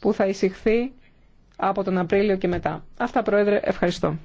που θα εισηχθεί από τον Απρίλιο και μετά. Αυτά, Πρόεδρε, ευχαριστώ.